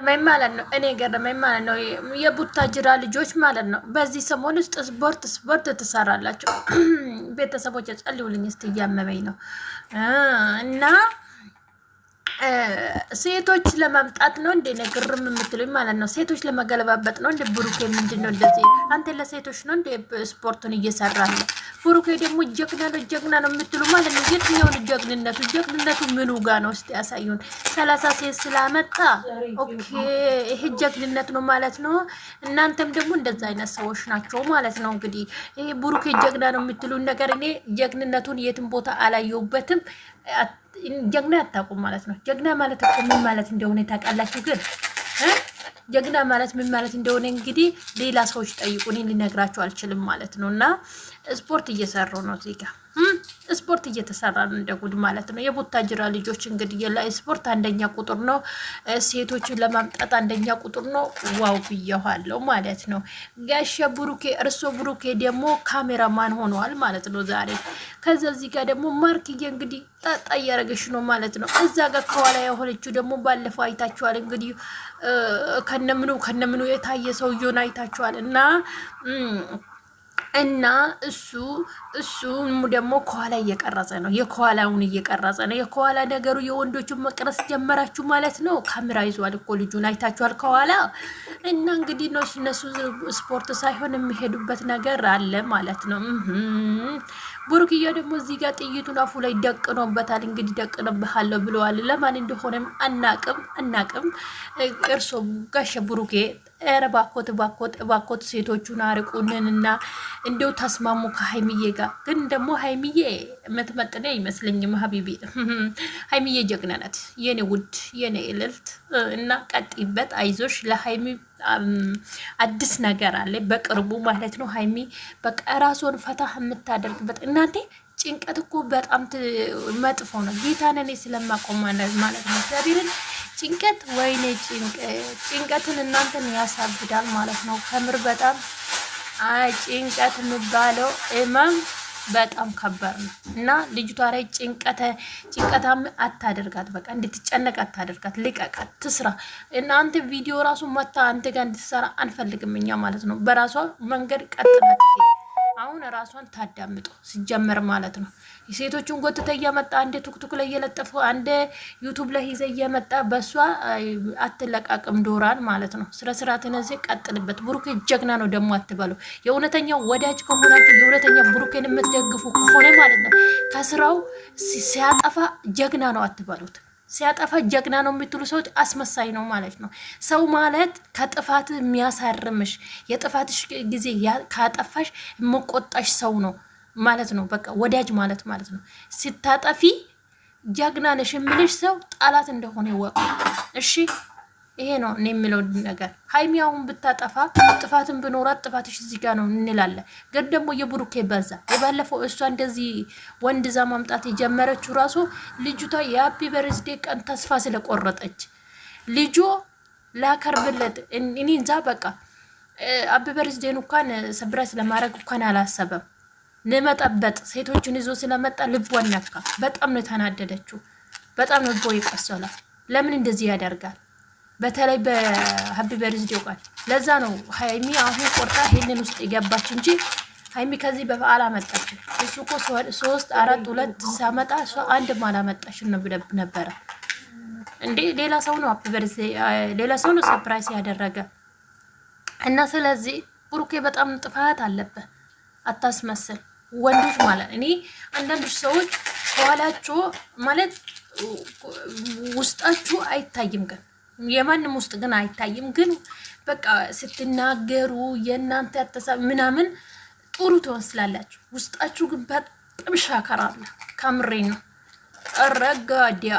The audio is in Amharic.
ገረመኝ ማለት ነው። እኔ ገረመኝ ማለት ነው። የቡታጅራ ልጆች ማለት ነው። በዚህ ሰሞን ውስጥ ስፖርት ስፖርት ትሰራላቸው ቤተሰቦች ጸልዩልኝ፣ እስቲ እያመመኝ ነው እና ሴቶች ለማምጣት ነው እንደ ነግርም የምትሉኝ ማለት ነው። ሴቶች ለመገለባበጥ ነው እንደ ብሩኬ። ምንድን ነው እንደዚህ? አንተ ለሴቶች ነው እንደ ስፖርቱን እየሰራ ነው። ብሩኬ ደግሞ ጀግና ነው ጀግና ነው የምትሉ ማለት ነው። የትኛውን ጀግንነቱ ጀግንነቱ ምኑ ጋ ነው? እስቲ ያሳዩን። ሰላሳ ሴት ስላመጣ ኦኬ፣ ይሄ ጀግንነት ነው ማለት ነው። እናንተም ደግሞ እንደዛ አይነት ሰዎች ናቸው ማለት ነው። እንግዲህ ይሄ ብሩኬ ጀግና ነው የምትሉን ነገር እኔ ጀግንነቱን የትም ቦታ አላየውበትም። ጀግና አታውቁም ማለት ነው። ጀግና ማለት እኮ ምን ማለት እንደሆነ ታውቃላችሁ ግን ጀግና ማለት ምን ማለት እንደሆነ እንግዲህ ሌላ ሰዎች ጠይቁ፣ እኔ አልችልም ማለት ነው። እና ስፖርት እየሰሩ ነው ዜጋ ስፖርት እየተሰራ ነው እንደ ጉድ ማለት ነው። የቡታጅራ ልጆች እንግዲህ ስፖርት አንደኛ ቁጥር ነው። ሴቶችን ለማምጣት አንደኛ ቁጥር ነው። ዋው ብየኋለው ማለት ነው። ጋሻ ብሩኬ እርሶ ብሩኬ ደግሞ ካሜራማን ሆነዋል ማለት ነው ዛሬ። ከዛ እዚህ ጋር ደግሞ ማርክዬ እንግዲህ ጣጣ እያደረገሽ ነው ማለት ነው። እዛ ጋር ከኋላ የሆነችው ደግሞ ባለፈው አይታችኋል እንግዲህ ከነምኑ ከነምኑ የታየ ሰውየውን አይታችኋል እና እና እሱ እሱ ደግሞ ከኋላ እየቀረጸ ነው። የከኋላውን እየቀረጸ ነው። የከኋላ ነገሩ የወንዶቹን መቅረጽ ጀመራችሁ ማለት ነው። ካሜራ ይዟል እኮ ልጁን አይታችኋል ከኋላ እና እንግዲህ ነው እነሱ ስፖርት ሳይሆን የሚሄዱበት ነገር አለ ማለት ነው። ቡሩክያ ደግሞ እዚህ ጋር ጥይቱን አፉ ላይ ደቅኖበታል። እንግዲህ ደቅኖብሃለሁ ብለዋል። ለማን እንደሆነም አናቅም አናቅም። እርሶ ጋሸ ቡሩኬ ኧረ ባኮት ባኮት ባኮት ሴቶቹን አርቁንንና እንደው ተስማሙ ከሀይሚዬ ጋር። ግን ደግሞ ሀይሚዬ የምትመጥነ አይመስለኝም። ሀቢቢ ሀይሚዬ ጀግና ናት። የኔ ውድ የኔ እልልት እና ቀጥይበት፣ አይዞሽ። ለሀይሚ አዲስ ነገር አለ በቅርቡ ማለት ነው። ሀይሚ በቃ ራስዎን ፈታ የምታደርግበት እናንተ ጭንቀት እኮ በጣም መጥፎ ነው። ጌታን እኔ ስለማቆም ማለት ነው እግዚአብሔርን ጭንቀት ወይኔ ጭንቀትን እናንተን ያሳብዳል ማለት ነው። ከምር በጣም ጭንቀት የሚባለው እመም። በጣም ከባድ ነው እና ልጅቷ ላይ ጭንቀታም አታደርጋት። በቃ እንድትጨነቅ አታደርጋት። ልቀቃት፣ ትስራ። እናንተ ቪዲዮ ራሱ መታ አንተ ጋር እንድትሰራ አንፈልግም እኛ ማለት ነው። በራሷ መንገድ ቀጥላት። አሁን ራሷን ታዳምጡ ሲጀመር ማለት ነው። የሴቶቹን ጎትተ እያመጣ አንድ ቱክቱክ ላይ እየለጠፈ አንደ ዩቱብ ላይ ይዘ እየመጣ በእሷ አትለቃቅም ዶራን ማለት ነው። ስለ ስርዓት ነዚ ቀጥልበት። ብሩኬ ጀግና ነው ደግሞ አትበሉ። የእውነተኛ ወዳጅ ከሆናችሁ የእውነተኛ ብሩኬን የምትደግፉ ከሆነ ማለት ነው ከስራው ሲያጠፋ ጀግና ነው አትበሉት። ሲያጠፋ ጀግና ነው የምትሉ ሰዎች አስመሳይ ነው ማለት ነው። ሰው ማለት ከጥፋት የሚያሳርምሽ የጥፋትሽ ጊዜ ካጠፋሽ የምቆጣሽ ሰው ነው ማለት ነው። በቃ ወዳጅ ማለት ማለት ነው። ስታጠፊ ጀግና ነሽ የምልሽ ሰው ጠላት እንደሆነ ይወቅ እሺ። ይሄ ነው እኔ የምለው ነገር። ሀይሚያውን ብታጠፋ ጥፋትን ብኖራት ጥፋትሽ እዚህ ጋር ነው እንላለን። ግን ደግሞ የብሩኬ በዛ የባለፈው እሷ እንደዚህ ወንድ ዛ ማምጣት የጀመረችው ራሱ ልጅቷ የሀፒ በርዝዴ ቀን ተስፋ ስለቆረጠች ልጆ ላከርብለት እኔ እዛ በቃ አቢ በርዝዴን እንኳን ሰብረስ ለማድረግ እንኳን አላሰበም። ንመጠበጥ ሴቶችን ይዞ ስለመጣ ልቧን ነካ። በጣም ነው የተናደደችው። በጣም ልቦ ይቆሰላል። ለምን እንደዚህ ያደርጋል? በተለይ በሀቢ በርዝድ ይውቃል። ለዛ ነው ሀይሚ አሁን ቆርጣ ሄልን ውስጥ የገባች እንጂ ሀይሚ ከዚህ በበዓል አመጣች እሱ እኮ ሶስት አራት ሁለት ሳመጣ እሷ አንድም አላመጣችም ነበረ እንዴ። ሌላ ሰው ነው ሌላ ሰው ነው ሰፕራይዝ ያደረገ እና ስለዚህ ብሩኬ በጣም ጥፋት አለበት። አታስመስል ወንዶች ማለት እኔ አንዳንዶች ሰዎች ከኋላችሁ ማለት ውስጣችሁ አይታይም ግን የማንም ውስጥ ግን አይታይም። ግን በቃ ስትናገሩ የእናንተ ያተሳብ ምናምን ጥሩ ትመስላላችሁ፣ ውስጣችሁ ግን በጣም ሻከራለ። ከምሬ ነው ረጋዲያ